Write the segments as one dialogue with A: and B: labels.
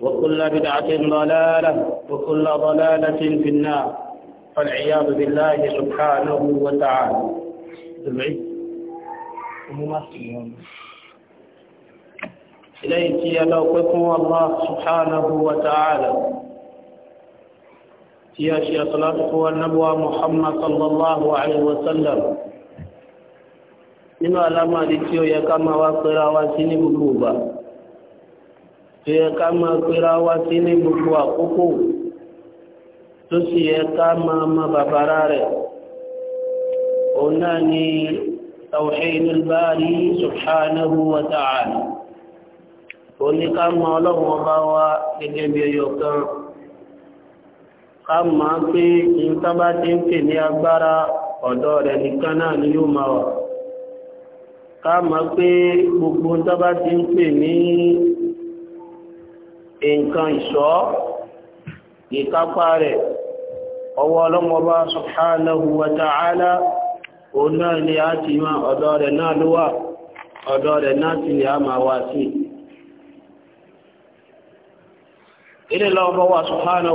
A: وكل بدعة ضلالة وكل ضلالة في النار فالعياذ بالله سبحانه وتعالى إليك يلوقكم الله سبحانه وتعالى يا شيخ صلاته محمد صلى الله عليه وسلم إما لما لتيو يكما وقرا وسيني بكوبا tó yẹ ká máa pera wá sí ní gbogbo àkókò tó sì yẹ ká máa ma bàbára rẹ̀ òun náà ni tawhidul bari subhanahu wa ta'ala òní ká mọ ọlọ́run ọba wa gẹ́gẹ́ bí ẹyọ kan ká mọ̀ pé nǹkan bá ti ń pè ní agbára ọ̀dọ̀ rẹ̀ nìkan náà ni yóò máa wà ká mọ̀ pé gbogbo nǹkan ti ń pè ní nǹkan ìṣọ́ ìkápá rẹ̀ ọwọ́ ọlọ́mọba subhanahu wa ta'ala òun náà ni a ti máa ọ̀dọ̀ rẹ̀ náà ló wà ọ̀dọ̀ rẹ̀ náà ti ni a máa sí ilé lọ́wọ́ wa subhanahu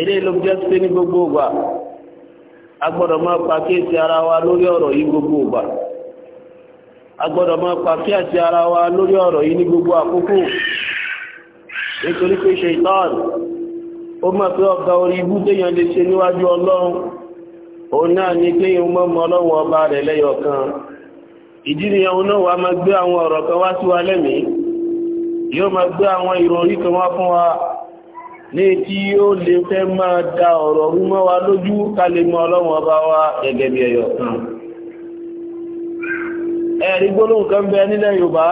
A: eléyìí ló jẹ́ pé ní gbogbo ògbà Agbọdọ gbọ́dọ̀ máa pa kíyèsí ara wa lórí ọ̀rọ̀ yìí gbogbo ògbà a máa pa kíyèsí ara wa lórí ọ̀rọ̀ yìí ní gbogbo àkókò nítorí pé ṣèitán ó mọ̀ fi ọ̀gá orí ibú téèyàn lè ṣe níwájú ọlọ́run òun náà ni kéèyàn mọ́ mọ́ ọlọ́run ọba rẹ̀ lẹ́yọ̀ kan ìdí náà wàá máa gbé àwọn wa lẹ́mìí yóò máa gbé àwọn ìròrí kan wá fún wa. ní tí ó lè fẹ́ máa da ọ̀rọ̀ rúmọ́ wa lójú ká lè mọ ọlọ́run ọba wa gẹ́gẹ́ bí ẹyọ kan ẹ̀rí gbólóhùn kan bẹ nílẹ̀ yorùbá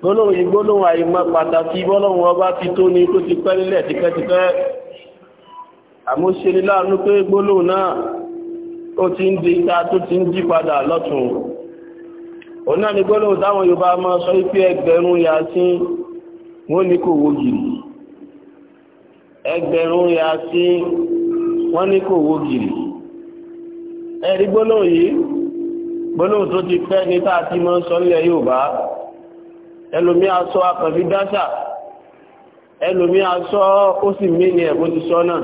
A: gbólóhùn yìí gbólóhùn àìmọ̀ pàtàkì bọ́lọ́run ọba ti tó ni tó ti pẹ́ nílẹ̀ tipẹ́tipẹ́ àmúṣeni láàánú pé gbólóhùn náà ó ti ń di ta tó ti ń jí padà lọ́tún òun náà ni gbólóhùn kò wó gìrì ẹgbẹ̀rún ya sí wọ́n ní kò wó gìrì ẹ̀rí gbólóhùn yìí gbólóhùn tó ti pẹ́ ní tá a ti mọ́ sọ́lẹ̀ Yorùbá ẹlòmí asọ́ akànfi dáṣà ẹlòmí asọ́ ó sì mí ni ẹ̀kọ́ ti sọ náà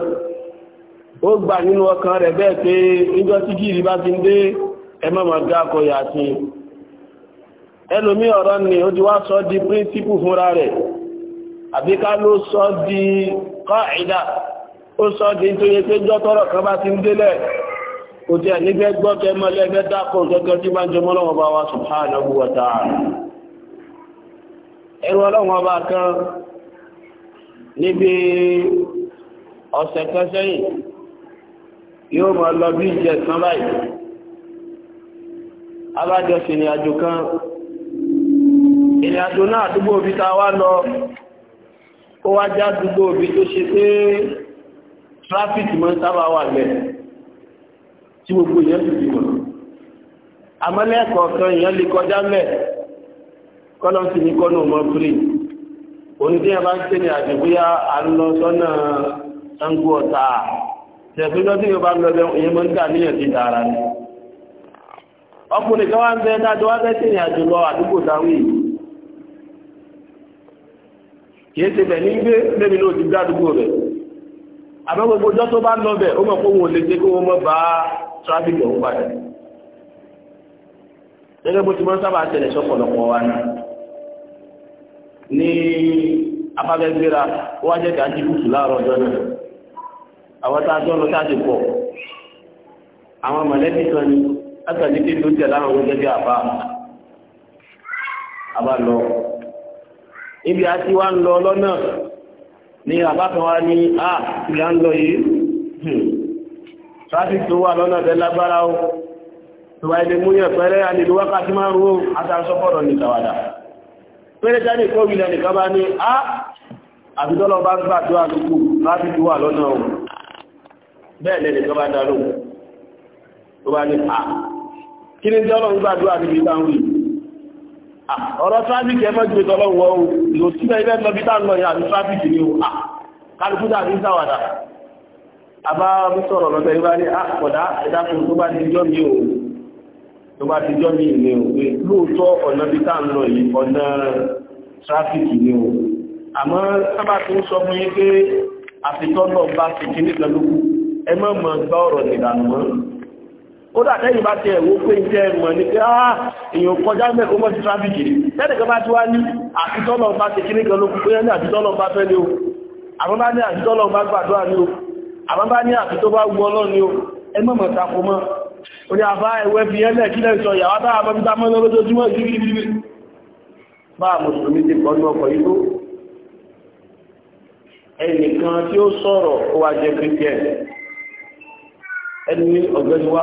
A: ó gbà nínú ọkàn rẹ̀ bẹ́ẹ̀ pé níjọ́ tí gìrì bá ti dé ẹ mọ̀ mọ̀ akọ yà sí ẹlòmí ọ̀rọ̀ ni ó ti wá sọ di píríncípù fúnra rẹ̀ àbíká ló sọ di káàìdá ó sọ di tó yẹ pé jọ́tọ́rọ̀ kan bá ti ń délẹ̀ kò tí ẹ̀ nígbẹ́ gbọ́ tẹ mọ́ lẹ́gbẹ́ dákọ̀ gẹ́gẹ́ tí máa ń jọmọ́ lọ́wọ́ bá wa subhanahu wa ta'ala bá kan níbi ọ̀sẹ̀ ó wá já dúgbò òbí tó ṣe pé tráfíkì máa ń sábà wà lẹ̀ tí gbogbo èèyàn sì bímọ àmọ́ lẹ́ẹ̀kọ̀ọ̀kan èèyàn lè kọjá lẹ̀ kọ́lọ́ sì ní kọ́nà ọmọ fúlì onídéyàn bá ń ṣe ní àdìbúyá àlọ́ sọ́nà sango ọ̀tá tẹ̀gbẹ́jọ́ tí yóò bá ń lọ́bẹ̀ èèyàn máa ń dà níyàn ti dára ni ọkùnrin kan wá ń bẹ dájọ́ wá fẹ́ ṣe ní àjò lọ àdúgbò dáwìn kìí ṣe bẹ̀ ní gbé lẹ́mi náà ti gbádùgbò rẹ̀ àmọ́ gbogbo ọjọ́ tó bá lọ bẹ̀ ó mọ̀ pé òun lè ṣe kó wọ́n mọ́ bá tráfíkì ọ̀hún padà gẹ́gẹ́ bó ti mọ́ sábà tẹ̀lẹ̀ sọ́pọ̀lọpọ̀ wa ní ní jẹ́ kùtù láàárọ̀ ọjọ́ náà àwọn tá a jọ lọ tá a ti pọ̀ àwọn mọ̀lẹ́bí kan ní kí ló jẹ́ láwọn àbá àbá lọ ibi àti wá ń lọ lọ́nà ni àbákan wa ní à ah, ìyá ń lọ yìí hmm. traffic tó wà lọ́nà tẹ́ lágbára o tó wáyé lè mú yẹn pẹ́rẹ́ ànílú wákàtí máa rú àtàṣọ́pọ̀rọ̀ ní tàwàdà pẹ́rẹ́ jáde kó wílẹ̀ nìkan bá ní ah, à nìkan bá ní à ah, ni dọ́lọ́ ń gbàdúrà níbi bá ń ọ̀rọ̀ tráfíkì ẹ̀fẹ́ gbé tọ́lọ́wọ́ o ìlò sílẹ̀ ilẹ̀ lọ bí táàlọ́ ìyá àti tráfíkì ni o kálukú dàbí sáwàdà àbá mú sọ̀rọ̀ lọ́tọ̀ ìwá ní àkọ̀dá ẹ̀dákun tó bá ti jọ́ mi o tó bá ti jọ́ mi ni o pé lóòótọ́ ọ̀nà bí táàlọ́ yìí ọ̀nà tráfíkì ni o àmọ́ sábà tó ń sọ fún yín pé àfitọ́lọ́ bá ti kíní pẹ̀lú ẹ mọ̀ mọ̀ ó dà tẹ́yìn bá tẹ ẹ̀wọ́ pé jẹ́ mọ̀ ní pé áá ah, èèyàn kọjá mẹ́kọ mọ́ sí tráfíkì rí tẹ́lẹ̀kọ́ bá ti wá ní àtitọ́lọ̀ bá ti kíní kan lókùn pé ní àtitọ́lọ̀ bá fẹ́ ní o àwọn bá ní àtitọ́lọ̀ bá gbàdúrà ní o àwọn bá ní àtitọ́ bá wù ọlọ́ ní o ẹ mọ̀ mọ̀ tako mọ́ ó ní àbá ẹ̀wẹ́ fi ẹlẹ́ kí lẹ́ sọ ìyàwó tá a bá fi dámọ́ lọ́lọ́dọ́júmọ́ ìdíbíbí bá mùsùlùmí ti pọ̀ ní ọkọ̀ yìí tó ẹnìkan tí ó sọ̀rọ̀ ó wá jẹ́ kírísítẹ́nì ẹni ọ̀gbẹ́ni wá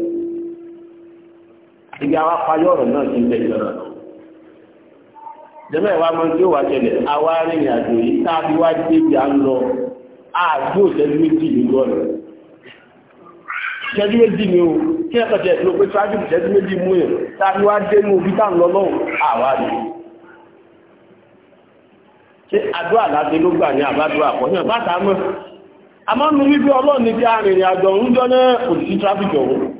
A: ibi àwa parí ọ̀rọ̀ náà ti ń bẹ̀ jọ̀rọ̀ lọ. jẹ́mẹ̀ wa mọ tí ó wà ṣẹlẹ̀ àwa arìnrìn àjò yìí tá a fi wá débi à ń lọ ààbò ìṣẹ́jú méjì lójú ọ̀nà. ìṣẹ́jú méjì ni o kí ẹ̀kọ́ jẹ́ ló pé ṣáájú ìṣẹ́jú méjì mú yẹn tá a fi wá dé mú ibi tá à ń lọ lọ́hùn àwa rẹ̀. ṣé àdúrà láti ló gbà ní àbádúrà àpọ̀ ní àbáta mọ́ àmọ́ mi wípé ọlọ́run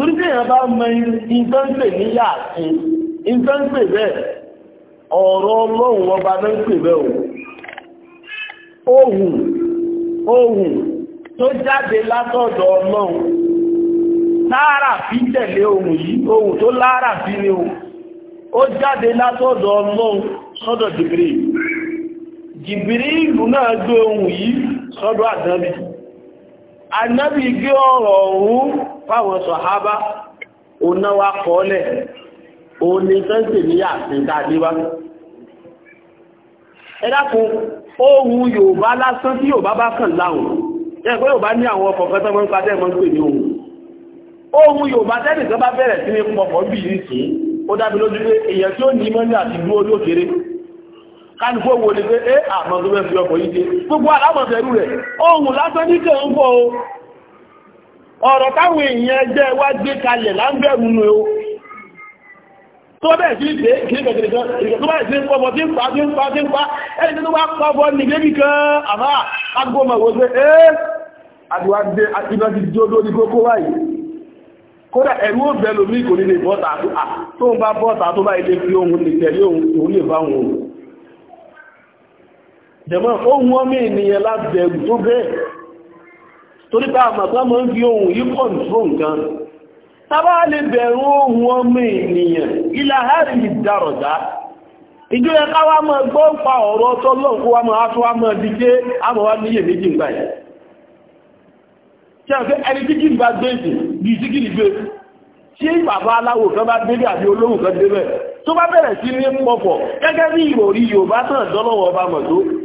A: torí bí èèyàn bá mọ ìtọ́npè ní yàtí ìtọ́npè bẹ́ẹ̀ ọ̀rọ̀ ọlọ́run ọba náà ń o ohun ohun tó jáde látọ̀dọ̀ ọlọ́run lára fi tẹ̀lé ohun yìí ohun tó lára fi ni o ó jáde látọ̀dọ̀ ọlọ́run sọ́dọ̀ jìbìrì jìbìrì ìlú náà gbé ohun yìí sọ́dọ̀ àdánbì anábì gbé ọ̀rọ̀ ọ̀hún fáwọn sọ̀hábá onáwà kọ́ọ̀lẹ̀ ọ ni fẹ́ǹsì ní ẹ ohun Yorùbá lásán tí Yorùbá bá kàn láhùn ẹ pé Yorùbá ní àwọn ọkọ̀ fẹ́tọ́ ohun kálífò wo ni pé é àmọ́ tó fẹ́ fi ọkọ̀ yìí dé gbogbo alámọ̀tẹ́rù rẹ̀ ohun lásán ní kẹ́ ń bọ̀ o ọ̀rọ̀ táwọn èèyàn ẹgbẹ́ wá gbé kalẹ̀ láńbẹ̀rù nù o tó bẹ́ẹ̀ sí ìgbé kìrìkẹ̀kìrìkẹ̀ tó bẹ́ẹ̀ sí ń pọ̀bọ̀ tí ń pa tí ń pa tí ń pa ẹni tó bá pọ̀bọ̀ ní débì kan àmá agbóhùn àwọn ọgbẹ́ ẹ́ àdúwádé àtìlọ́ ti jó lórí kókó báyìí kódà ẹ̀rú ó bẹ́ẹ̀ lómi kò ní lè bọ́ta tó ń bá bọ́ta tó bá ilé fi ohun nìtẹ̀lé òun lè bá òun dẹ̀mọ́ ohun ọmọ ènìyàn lábẹ̀rù tó bẹ́ẹ̀ torí pé àmàtà mọ́ ń fi ohun yí kọ̀ǹtró nǹkan tábà lè bẹ̀rù ohun ọmọ ènìyàn ìlàhárì ìdàrọ̀dá ìjọ yẹ káwà mọ́ gbọ́ pa ọ̀rọ̀ tọ́lọ́ kó wá mọ́ á tó wá mọ́ di pé àmọ́wá níyè méjì ń báyìí tí a fẹ́ ẹni tí kì í bá gbé ìsìn bí tí kì í gbé tí bàbá bẹ̀rẹ̀ sí ní pọ̀pọ̀ gẹ́gẹ́ bí ìròrí Yorùbá tàn dọ́lọ́wọ́ ọba mọ̀ tó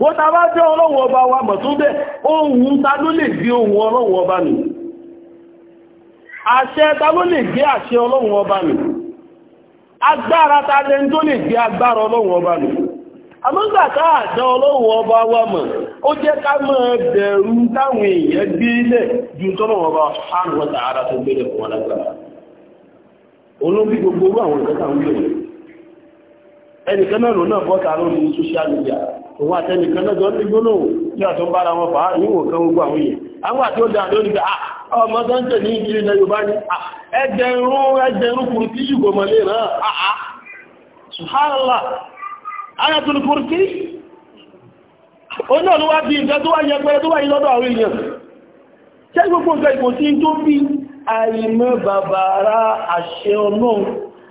A: wọ́n ta bá jẹ́ ọlọ́wọ́ ọba wa mọ̀ tó bẹ́ ohun ta ló lè gbé ohun ọlọ́wọ́ ọba mi àṣẹ ta ló lè gbé àṣẹ ọlọ́wọ́ ọba mi agbára ta lẹ́n tó lè gbé agbára ọlọ́wọ́ ọba mi àmọ́gbà àjọ ọlọ́wọ́ ọba wa mọ̀ ó jẹ́ ká mọ́ bẹ̀rù táwọn èèyàn gbé ilẹ̀ ju tọ́lọ́wọ́ ọba ẹnìkan náà lòun náà bọ́ta lórí social media òun àtẹnìkan náà jọ tí gbólóhùn ní ọ̀tọ́ bára wọn níwò kan gbogbo àwọn èèyàn àwọn àti ó dáa lórí ah, ọmọ tó ń tẹ̀ ní ìdílé ilẹ̀ Yorùbá ní ah, ẹgbẹ̀rún ẹgbẹ̀rún kùrùtí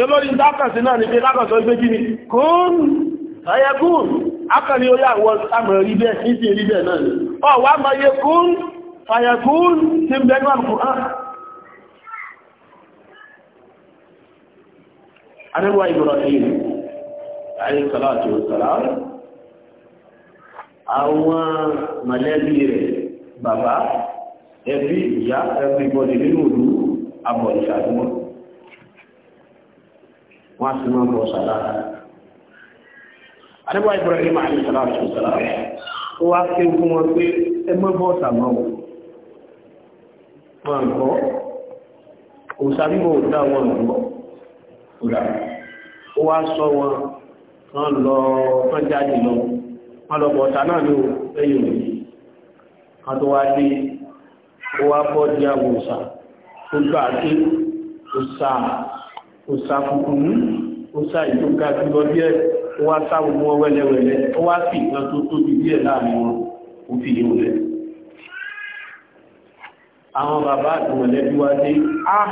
A: olórí dákàsí náà ní pé lákàtọ̀ ìgbé gíní kún ẹyẹkún akàrí orí àwọn àmọ̀ rí bẹ́ẹ̀ ní ti rí bẹ́ẹ̀ náà ni ọ wá ma yẹ kún fàyẹkún tí ń bẹ́ẹ̀ kù án arẹ́wà Ibrahim alayhi salatu wassalam àwọn mọ̀lẹ́bí rẹ̀ bàbá ẹbí ìyá everybody nínú ìlú abọ̀lẹ̀ àdúgbò wọ́n á sì máa bọ̀ sàlá. Àdébà Ibrahim alayhi salatu wa salam ó wá ké fún wọn pé ẹ mọ́ bọ́ sàmọ́ o. Wọ́n gbọ́. Òsàbíbò dá wọn gbọ́. Ó wá sọ wọn wọ́n lọ wọ́n jáde lọ. Wọ́n lọ bọ̀ta náà ní ẹ̀yìn òní. Wọ́n tó wá dé ó wá bọ́ di àwọn òsà. Ó gbà òsà funfun òsà ìtò ga jùlọ díẹ̀ ó wá sá gbogbo wọn wẹ́lẹ́wẹ́lẹ́ ó wá sí ìkan tó tóbi díẹ̀ láàrin wọn ó fi yíò lẹ̀ àwọn bàbá àtìmọ̀lẹ́bí wá dé á ah,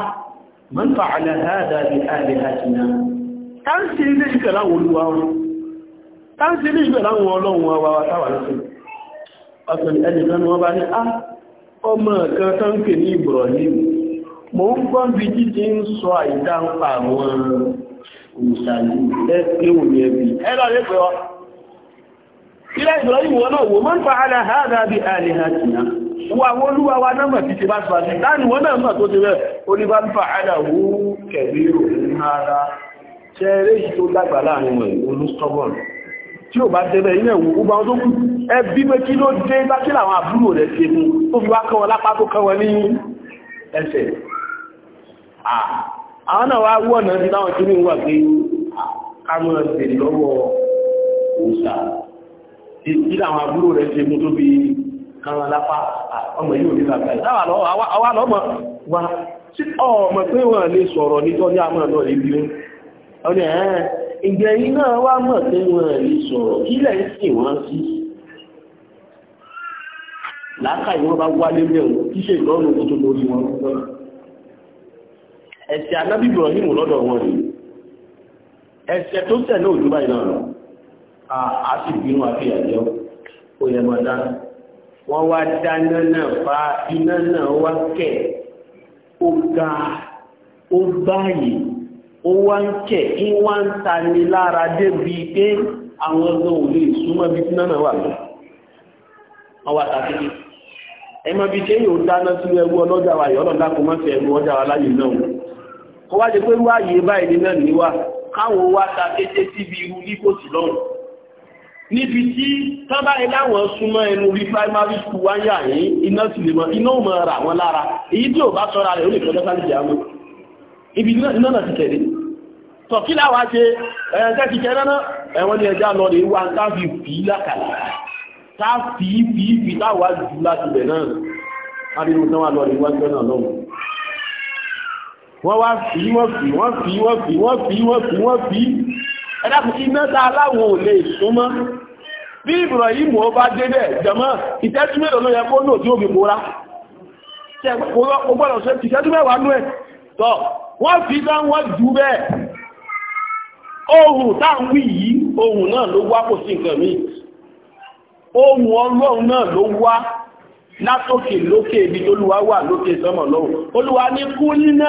A: mọ́ta àlàáhádà bí àlè àtìná táǹsì ilé ni wọ́n bá ní á ah, mo ń gbọ́n bí títí ń sọ àìdá ń pa àwọn òṣàlù ẹgbẹ́ òní ẹbí ẹlọ lè pẹ́ ọ ilẹ̀ ìbìlọ́yí wọn náà wò mọ́ ń fa ara àádá bí ààrẹ àtìyàn wọ àwọn olúwa wa náà mọ̀ títí bá sọ àti dáni wọn náà mọ̀ tó ti rẹ̀ olúwa ń fa tí ó bá tẹ́lẹ̀ ilẹ̀ wò ó bá wọn tó ẹbí pé kí ló dé bá kí làwọn àbúrò rẹ̀ ṣe mú tó fi wá kọ́ lápá tó kọ́ ní ẹsẹ̀ àwọn náà wá wọ́n náà láwọn tí ó wà pé kámọ́ ṣe lọ́wọ́ òṣà tí àwọn àbúrò rẹ̀ ṣe mú tó bí kámọ́ lápá ọmọ yóò ní bàbá láwà lọ́mọ tí ọmọ pé lè sọ̀rọ̀ nítorí àmọ́ wá láàkà ìwọ́n bá mẹ́rin ìlọ́rùn tó lórí wọn lọ́rùn ẹ̀sẹ̀ anábì Ibrahim lọ́dọ̀ wọn ni ẹ̀sẹ̀ tó tẹ̀lé òjú báyìí náà lọ a sì bínú àti àjọ ó yẹ mọ́ dáná wọ́n wá dáná náà fa iná náà wá kẹ̀ ó ga ó báyìí ó wá ń kẹ̀ kí wá ń tani lára débi pé àwọn ọgbọ́n ò lè súnmọ́ bí iná náà wà lọ wọ́n wá tàbí ẹmọ bí yóò dáná sí ẹgbẹ́ ọlọ́jà wa yọ́lọ́dá kò mọ́ sí ẹgbẹ́ ọjà wa láyé náà kó wá jẹ pé wá yìí báyìí náà níwá káwọn wá ta kété síbi irú líkòsí lọ́rùn níbi tí tábà iláwọn súnmọ́ ẹnu rí primary school wá yà yín iná sì lè iná ò ra wọn lára èyí tí ò bá sọ́ra rẹ̀ ó lè fọjọ́ sáré jẹ́ àmọ́ ibi iná náà ti tẹ̀lé tọ̀ kí láwàá ṣe ẹ̀ẹ́dẹ́ ti kẹ́ náà ẹ̀wọ́n ni ẹja lọ rèé wá tá fi fi lákàlà tá fi fi fi jù láti bẹ̀ náà wọ́n wá fi wọ́n fi wọ́n fi wọ́n fi wọ́n fi wọ́n fi wọ́n fi ẹ̀dàkùn iná tá aláwọ̀ ò lè súnmọ́ bí Ibrahim ó bá débẹ̀ jẹ̀mọ́ ìtẹ́jú mélòó ló yẹ kó lò tí ó fi kóra ọgbọ́dọ̀ ṣe ìtẹ́jú mẹ́wàá nú ẹ̀ tọ́ wọ́n fi dá wọ́n jù bẹ́ẹ̀ ohun tá ń wí yìí ohun náà ló wá kò sí nǹkan míì ohun ọlọ́run náà ló wá látòkè lókè ibi tó lúwa wà lókè sọ́mọ̀ lọ́wọ́ olúwa ní kú níná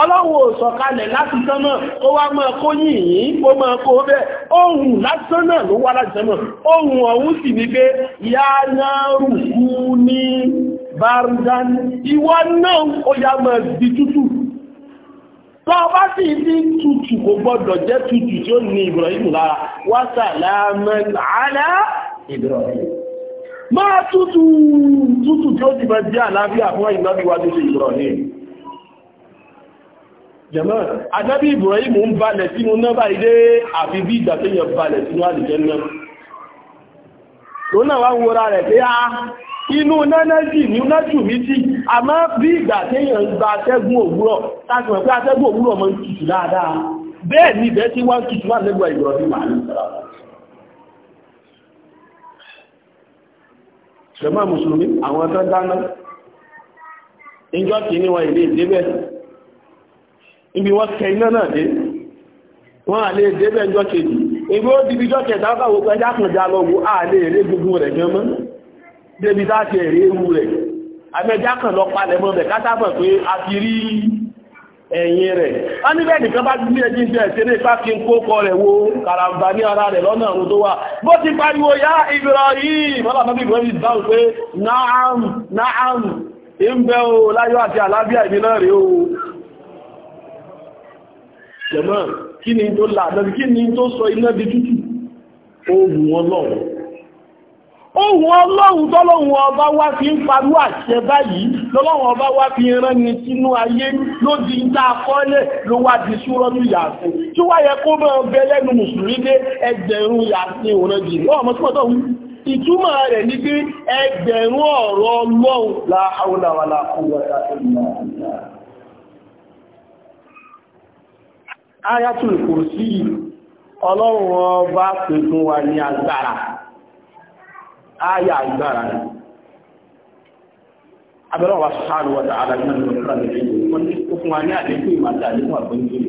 A: ọlọ́wọ́ sọ̀kalẹ̀ láti sánmà ó wá máa kó yìnyín ó máa kó bẹ́ ohun láti sánmà ló wá láti sánmà ohun ọ̀hún sì ní pé ya náàrù kú ní bardan ìwọ náà ó yá máa di tútù tó bá sì ní tútù kò gbọ́dọ̀ jẹ́ tútù tí ó ní Ibrahim lára wa salaman ala Ibrahim jẹ̀mọ́ adábí Ibrahim ń balẹ̀ sínú náà báyìí dé àfi bí ìgbà tó yẹ balẹ̀ sínú àlùjánnà lónà wá wọra rẹ̀ pé a ah, inú nánájì ní nájù mi sí a máa bí ìgbà tí èèyàn gba atẹ́gùn òwúrọ̀ láti mọ̀ pé atẹ́gùn òwúrọ̀ mọ́ tutù dáadáa bẹ́ẹ̀ ni ìbẹ́ tí wọ́n tutù wà lẹ́gbà Ibrahim ṣẹ̀mọ́ mùsùlùmí àwọn tó dáná ìjọ́ kìíní wọn ìlé ìdébẹ̀ ibi wọ́n tẹ iná náà dé wọ́n à lè dé bẹ́ẹ̀ jọ́ kejì ebi ó di jọ́ kẹta lè gbogbo rẹ̀ gan a ti rí ewu rẹ̀ abẹ́jà kan lọ palẹ̀ mọ́ bẹ̀ kátà pé a ti rí ẹ̀yìn rẹ̀ a níbẹ̀ nìkan bá gbé ẹjí jẹ́ ipá kí n kó kọ rẹ̀ wo kàràmbà ní ara rẹ̀ lọ́nà àrùn tó wà bó ti pariwo yá Ibrahim ọlọ́pàá pé ń o jẹ̀mọ́ kí ni tó láàbẹ̀bí kí ni tó sọ iná di tútù ohun ọlọ́run ohun ọlọ́run tọ́lọ́run ọba wá fi ń parú àṣẹ báyìí lọ́lọ́run ọba wá fi rán ni sínú ayé ló di ń tá akọ́lẹ̀ ló wá di súrọ́nù yàtọ̀ tí wá yẹ kó mọ́ bẹ lẹ́nu mùsùlùmí dé ẹgbẹ̀rún yàtọ̀ òrẹ́jì lọ́wọ́ ìtumọ̀ rẹ̀ ní pé ẹgbẹ̀rún ọ̀rọ̀ ọlọ́run láàáwọ̀láwàlá kó wọ́n ayatul kursi ọlọ́run ọba pè fún wa ní agbára aya agbára ni abẹ́rẹ́ wa sáré wọ́ta alágbàmọ́ ìrọ̀lẹ́ fún wa ní àdékù ìmọ̀ta àdékù àgbẹ̀yìn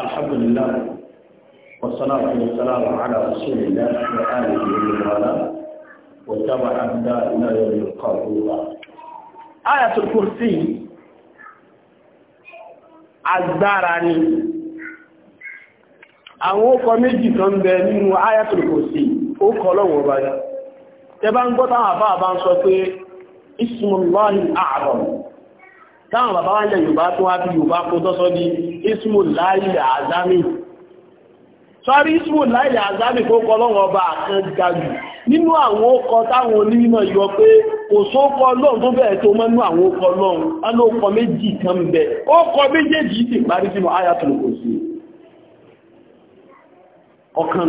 A: الحمد لله والصلاة والسلام على رسول الله وآله ومن وتبع أبداء إلى يوم آية الكرسي agbára àwọn A méjì kan bẹ nínú ayatul ó kọ lọ́wọ́ bá yá ń gbọ́ àbá àbá ń sọ pé táwọn bàbá tó wá bí kó tọ́sọ́ di ismu láyé àzámi sọ́rí ismu láyé àzámi kó kọ́ lọ́wọ́ ọba kan gajù nínú àwọn ọkọ̀ táwọn onímọ̀ yọ pé kò sókọ lọ́n tó bẹ̀ẹ̀ tó mọ́nú àwọn ọkọ̀ lọ́n alókọ̀ méjì kan bẹ̀ ọkọ̀ méjèèjì sì parí sínú ayatul kursi ọkàn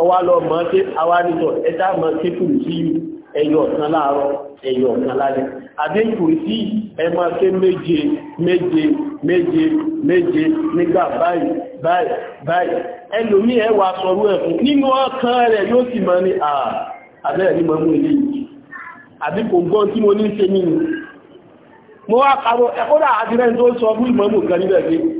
A: ọwá lọ mọ́ tí àwa nìjọ ẹ̀dá mọ́ tí kùrù sí ẹyọ ọ̀kan láàárọ̀ ẹyọ ọ̀kan lálẹ́ àbí kùrù sí ẹmọ tí méje méje méje méje nígbà báyìí báyìí báyìí ẹlòmí ẹ wà sọrú ẹ fún nínú ọkàn rẹ yóò sì mọ ní àbẹ́rẹ̀ ní mọ́ mú ilé yìí àbí kò gbọ́n tí mo ní ṣe nínú mo wá kàwọ́ ẹ̀kọ́dà àdírẹ́ tó sọ fún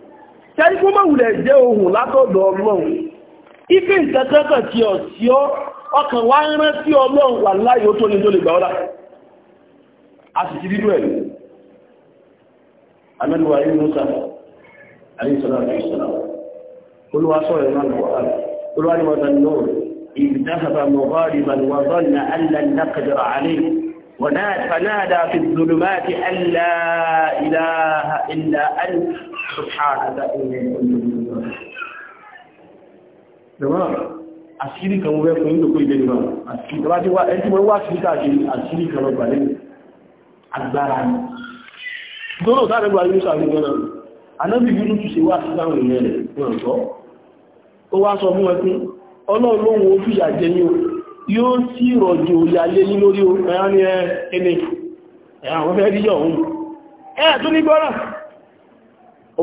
A: tẹ́rí fún mọ̀wùlẹ̀ jẹ́ ohun látọ̀dọ̀ ọlọ́run ife ìtẹ́tẹ́tẹ̀ tí ọ tí ọ ọkàn wá ń rán sí ọlọ́run wà láyé ó tó ní tó lè gbà ọ́lá a sì ti rírú ẹ̀ amẹ́lúwà yìí musa àríṣọ́lá ونادى فنادى في الظلمات ألا إله إلا أنت subhanaka inna ìjọba àṣírí kan wọ́n fún ìlòkó ilé ìwà àti ìjọba tí wá ẹjú wọ́n wá sí káàkiri àṣírí kan lọ́gbà lẹ́yìn agbára ni gbọ́nà sáàrẹ́gbà yóò sàrí gbọ́nà anábì yúrù tù ṣe wá sí sáwọn èèyàn rẹ̀ wọ́n sọ ó wá sọ fún ẹkún ọlọ́ọ̀lọ́hun ó fìyà jẹ ní o yóò sí rọ̀jò ìyàlé ní lórí ẹ̀yà ní ẹni ẹ̀yà wọ́n fẹ́ rí yọ̀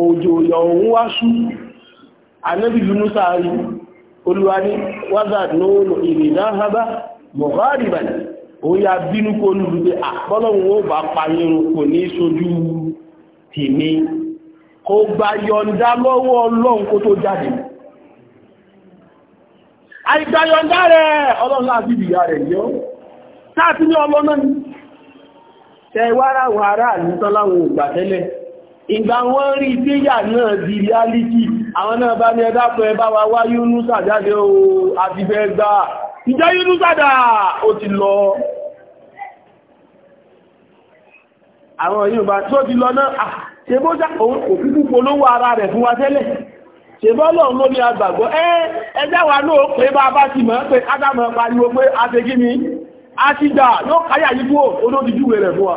A: òjò òyọ̀ òun wá ṣú ànábì bí musa rí olúwa ní wázà nóòlò ìrìnà hábá mọ̀gáàrìbà bínú kó lùlù pé ó bá pàyẹrun kò ní sójú kò gba yọ̀ǹda lọ́wọ́ ọlọ́run kó tó jáde rẹ̀ ọlọ́run láti ìgbà wọ́n rí tíyà náà di reality àwọn náà bá ní ẹ̀dá pẹ̀ bá wa wá yúnúsà jáde o àti fẹ́ gbà ìjẹ́ yúnúsà dà ó ti lọ àwọn yìí bá tó ti lọ náà ṣebójá òkúkú polówó ara rẹ̀ fún wa tẹ́lẹ̀ ṣebọ́lọ̀ ló ní agbàgbọ́ ẹ́ ẹjá wa náà pé bá bá ti mọ̀ pé ádámọ̀ pariwo pé a ṣe gí ni a ti dà ló káyà yípo olódijúwe rẹ̀ fún wa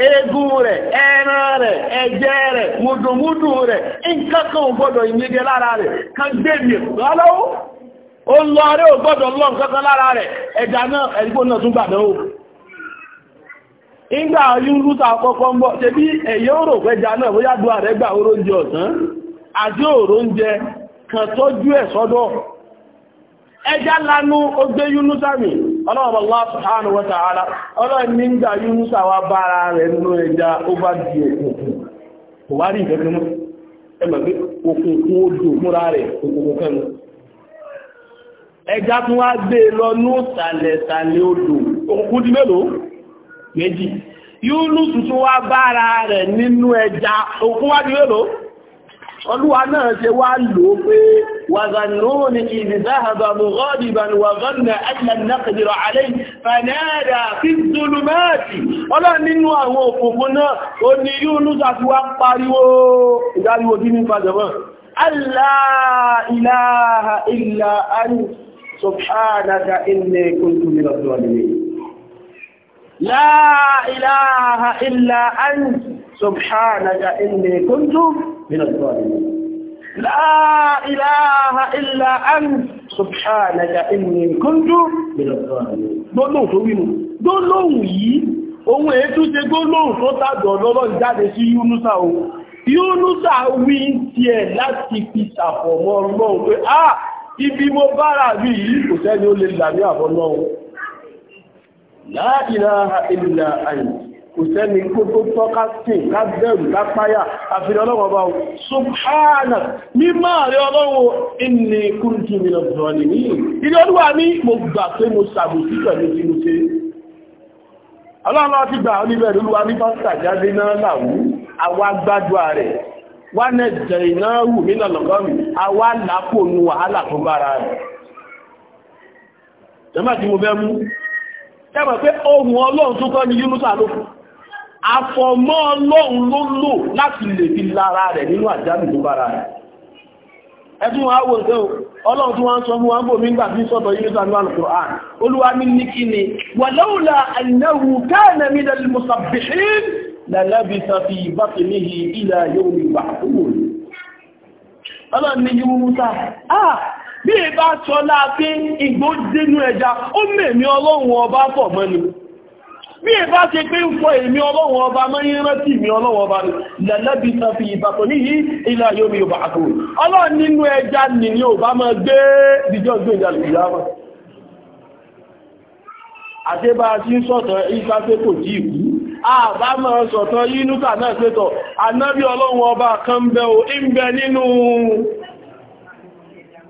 A: Egu rẹ, ẹran rẹ, ẹ̀jẹ̀ rẹ, mùdùmùdù rẹ, nǹkankan ò gbọ́dọ̀ ìmìgẹ lára kan gbèmì lọ́lọ́wọ́ ó lọ rẹ̀ ò gbọ́dọ̀ lọ nǹkankan lára rẹ̀ ẹ̀dà náà ẹ̀dìgbò náà tún gbàdán ó ìgbà yúrúta àkọ́kọ́ ń ẹ̀yẹ́ òrò náà bóyá gbà ọ̀sán àti kan tọ́jú ẹ̀ sọ́dọ̀ ọlọ́ọ̀bọ̀ Allah subhanahu wa ta'ala ọla ní ìgbà Yúnúsà wá bára rẹ̀ nínú ẹja ó bá di òkùnkùn kẹnu ẹja tún wá e lọ ní òkùnkùn olúwa náà ṣe wá lò ó pé وظنوني إذ ذهب مغاضبا وظن أن لم نقدر عليه فنادى في الظلمات ọlọ́ nínú àwọn òkùnkùn náà ó ní Yúnúsà ti wá pariwo ìdáriwo bí ní fàjọmọ́ allá ilaha illa anta subhanaka inni kuntu minadh لا إله إلا أنت سبحانك إني كنت من الظالمين لا إله إلا أنت سبحانك إني كنت من الظالمين gbólóhùn tó wínú gbólóhùn yìí ohun ètò ṣe gbólóhùn tó tàbí lọ́rọ̀ jáde sí yúnúsà o yúnúsà wí tí ẹ̀ láti fi sàfọ̀mọ́ ọlọ́run pé ah ibi mo bára rí yìí kò sẹ́ni ó lè làmí àfọ́lọ́run la ilaha illa anta kò sẹ́ni kó tó tọ́ká sí ká bẹ̀rù ká páyà àfihàn ọlọ́wọ́ bá o ṣùgbọ́nà mímọ̀ rẹ̀ ọlọ́wọ́ inni kuntu minaz zalimin ilé olúwa ní mo gbà pé mo ṣàbòsí pẹ̀lú tí mo ṣe ọlọ́run ti gbà tẹ́mọ̀ pé ohun ọlọ́run tó kọ́ ní yúnúsà ló fún àfọ̀mọ́ ọlọ́run ló lò láti lè fi lára rẹ̀ nínú àjálù tó bára rẹ̀ ẹ̀tún wọn àwọn òṣèlú ọlọ́run tí wọ́n sọ fún wọn bò mí gbà bí sọ́tọ̀ yúnúsà ní Al-Qur'an olúwa mi ní kí ni walaula annahu kana minal musabbihin bí ẹ bá sọ láàpé ìgbó dénú ẹja ó mẹ́mí ọlọ́run ọba pọ̀ mọ́ ni bí ẹ bá ṣe pé ń fọ èmi ọlọ́run ọba mọ́ yí rántí mi ọlọ́run ọba lẹ́lẹ́bí tán fi ìbàkọ̀ níyí ilẹ̀ ayọ́ mi ọba àkọ́ ọlọ́run nínú ẹja nì ní ọba mọ́ gbé dìjọ́ gbé ìjà lùyá mọ́ àtébá sí sọ̀tọ̀ ìfà pé kò tí ìkú àbá mọ́ sọ̀tọ̀ yínúkà náà pẹ́tọ̀ anábí ọlọ́run ọba kan bẹ́ o ń bẹ nínú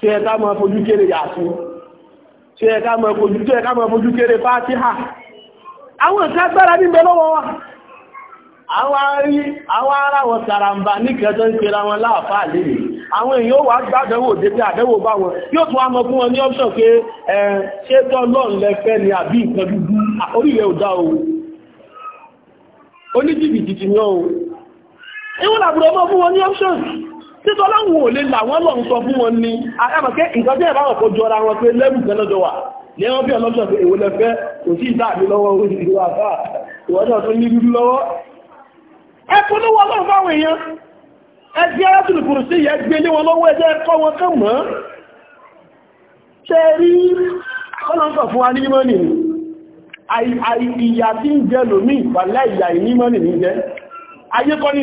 A: tí ẹ ká máa fojú kéré yàtú tí ẹ ká máa fojú tí ẹ ká máa fojú kéré fátíhà àwọn ìka gbára àwọn ará wọn sàràmbà wọn àwọn èèyàn wà gbádẹ́wò débí àdẹ́wò bá wọn yóò tún àmọ́ fún wọn wọn ní ọ́pṣọ̀ títọ́ láwọn ò lè làwọn lọ ń sọ fún wọn ni ẹmọ̀kẹ́ nǹkan tí ẹ̀bá ọ̀pọ̀ jọra wọn pé lẹ́rù tẹ́lọ́jọ́ wà ní ẹwọ́n bí ọlọ́jọ́ pé èwo lẹ́fẹ́ kò sí ìdá mi lọ́wọ́ orí ìwà àbá ìwọ́n náà tó ní dúdú lọ́wọ́ ẹkùn ló wọ́n lọ́wọ́ fáwọn èèyàn ẹgbẹ́ arábìnrin kùrù sí ìyẹn gbé lé wọn lọ́wọ́ ẹjẹ́ kọ́ wọn kàn mọ́ ṣe rí ọlọ́nkọ̀ fún wa ní mímọ́ nì ìyà tí ń jẹ lòmí ìpàlẹ́ ìyà ìnímọ́ nì ní jẹ ayé kọ́ ní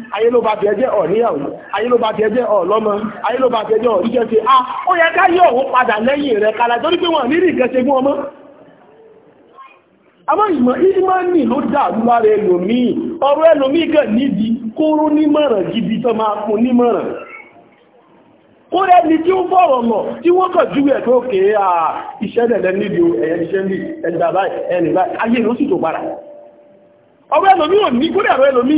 A: ayé ló bá tiẹ̀ jẹ́ ọ̀ níyàwó ayé ló bá tiẹ̀ jẹ́ ọ̀ lọ́mọ ayé ló bá tiẹ̀ jẹ́ ọ̀ níjẹ́ ṣe a ah, ó yẹ ká yọ̀ òun padà lẹ́yìn rẹ̀ kala torí pé wọ́n nírì nǹkan ṣe fún ọmọ. àmọ́ ìmọ̀ ìmọ̀ọ́nì ló dàrú lára ẹlòmíì ọ̀rọ̀ ẹlòmíì kàn níbi kóró nímọ̀ràn gidi tó máa fún nímọ̀ràn kódà ní tí ó bọ̀rọ̀ mọ̀ tí wọ́n kàn júwẹ̀ tó kè é à ah, ìṣẹ́lẹ̀lẹ́ níbi ẹ̀yẹ iṣẹ́ ní ẹ̀dàbáyé ẹ̀nìbáyé ayé ló sì tó padà ọwọ́ ẹlòmí ò ní kódà ẹ̀rọ ẹlòmí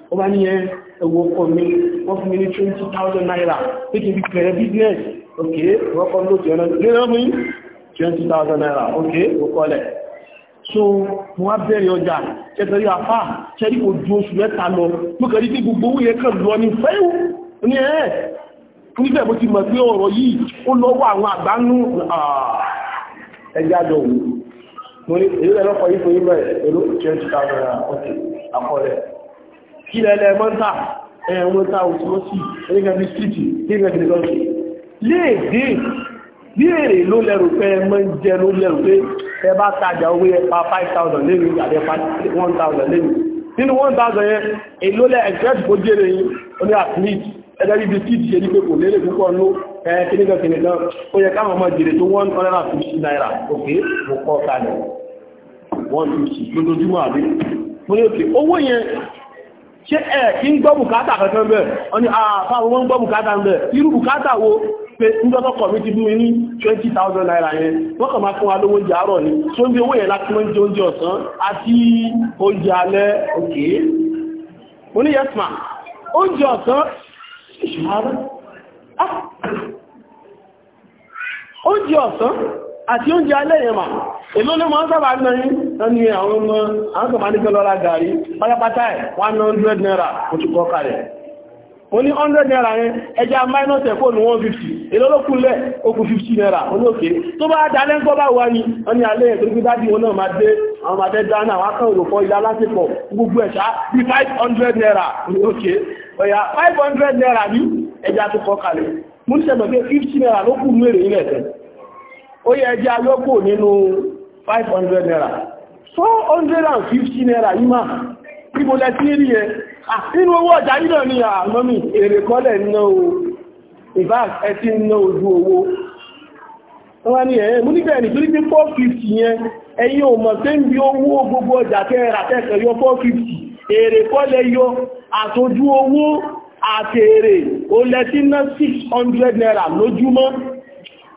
A: ó bá ní ẹ ẹwọ ọkọ̀ mi wọ́n fún mi ní 20,000 naira pé kí n fi bẹ̀rẹ̀ business ok wọ́kọ́ ló ti ọ̀nà nílẹ̀ mú 20,000 naira ok òkọlẹ̀ so mo wá bẹ̀rẹ̀ ọjà ṣẹ́tẹ̀rí afá ṣẹ́rí kò ju oṣù mẹ́ta lọ mo kẹ̀rí tí gbogbo owó yẹ kàn lọ ní fẹ́ẹ̀wù ní ẹ̀ níbẹ̀ mo ti mọ̀ pé ọ̀rọ̀ yìí ó lọ́wọ́ àwọn àgbánú ah, ẹjá jọ wù mo ní èyí lẹ́lọ́kọ̀ yìí fún yí bẹ̀rẹ̀ pẹ̀lú 20,000 naira ok kí lẹ́lẹ́ mọ́ta ẹ̀wọ́n ta òtúrọ́sì ẹ̀ríkà bí síìtì nígbà tí lọ́nà léèdè bí èrè ló lẹ́rù pé ẹmọ ń jẹ ló lẹ́rù pé ẹ bá tajà owó ẹpa 5,000 lẹ́rù àti ẹpa 1,000 lẹ́rù nínú 1,000 yẹn èló lẹ́ ẹ̀kẹ́ẹ̀tì kó jẹ́rẹ̀ yìí ó ní àtìlíìtì ẹgbẹ́ bíbi síìtì ṣe ní pé kò lérè púpọ̀ ló ẹ̀ẹ́kìníkan kìnìkan ó yẹ káwọn ọmọ jèrè tó 150 naira òkè mo kọ́ kalẹ̀ 150 lójoojúmọ́ àbí mo ní òkè owó ṣé ẹ̀ kí ń gbọ́ bùkátà kankan bẹ̀ ọ ni àfà wọn ń gbọ́ bùkátà bẹ̀ irú bùkátà wo pé ńdọ́dọ́kọ̀ mi ti fún mi ní twenty thousand naira yẹn wọ́n kàn máa fún wa lówó oúnjẹ àárọ̀ ni tó ń bí owó yẹn láti mọ́ oúnjẹ ọ̀sán àti oúnjẹ alẹ́ òkè mo ní yes ma oúnjẹ ọ̀sán ah. oúnjẹ ọ̀sán a oúnjẹ alẹ́ yẹn mà máa ń sábà ná yín ní àwọn ọmọ àwọn kọ̀mà ní gàrí pátápátá ẹ̀ 100 naira kò kalẹ̀ ní 100 naira yẹn ẹja minus ẹ̀ fóònù 150 naira ó tó bá dalẹ́ ń kọ́ bá wá ní wọ́n ní tó gbé dájú wọn máa dé àwọn máa dé dáná òròpọ̀ gbogbo ẹ̀ ṣá bí 500 naira ó ọ̀yà 500 naira naira ó yẹ ẹjẹ́ ayọ́kò nínú 500 naira so 150 naira yíma ibo lẹ́tí rí ẹ nínú owó ọjà yìí náà ni àmọ́mí èrè kọ́lẹ̀ ná o ìbá ẹtí ná ojú owó wọ́n ni ẹ̀yẹn mú nígbẹ̀ẹ́ nítorí pé 450 yẹn ẹ̀yìn ò mọ̀ tẹ́ ń bí owó gbogbo ọjà kẹ́ẹ̀rà tẹ́ẹ̀kẹ́ 600 naira lójúmọ́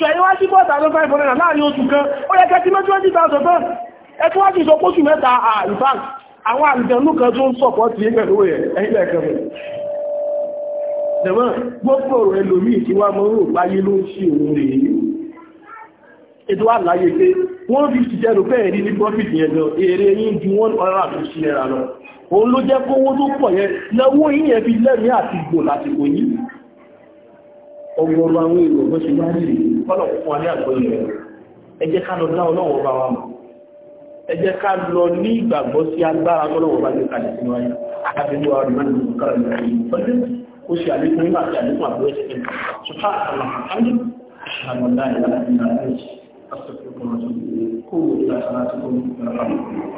A: tí ẹ̀yìn wá sí bọ́ 1,500 láàrin oṣù kan ó yẹ kẹtí mẹ́ 20,000 tán ẹ̀tún wá sí sọ pósù mẹ́ta àìbáǹk àwọn àlùjẹ̀nú kan tó ń sọ̀pọ̀ ti ẹgbẹ̀ lówó ẹ̀ ẹ̀yìn lẹ́ẹ̀kan rẹ̀ jẹ̀mọ́ gbogbo ọ̀rọ̀ ẹlòmíì tí wá mọ́ rò láyé ló ń sí òun rèé ètò wà láyé pé wọ́n fi ti jẹ́ ẹ̀rí ní profit yẹn lọ èrè yín ju wọ́n ọ̀rọ̀ àti sí ẹ̀rà lọ òun ló jẹ́ kówó tó pọ̀ yẹn lọ́wọ́ yín yẹn fi lẹ́rìí àti gbò lásìkò yìí ọgbọ̀rọ̀ àwọn èrò bó ṣe máa rí kọ́lọ̀ fún alẹ́ àgbóyìn rẹ̀ ẹ jẹ́ ká lọ dá ọlọ́wọ́ bá wa mọ̀ ẹ jẹ́ ká lọ ní ìgbàgbọ́ sí agbára tọ́lọ́wọ́ bá ní kalẹ̀ sínú ayé àbílú àrùmánì kọ́lọ̀ ní ayé pẹ̀lú ó ṣe àlékún nígbà tí àlékún àbúrò ẹ̀sẹ̀ ṣùgbọ́n àtàlà àmì ìṣàmọ̀lá ìlànà ìlànà ìṣàkóso kò wò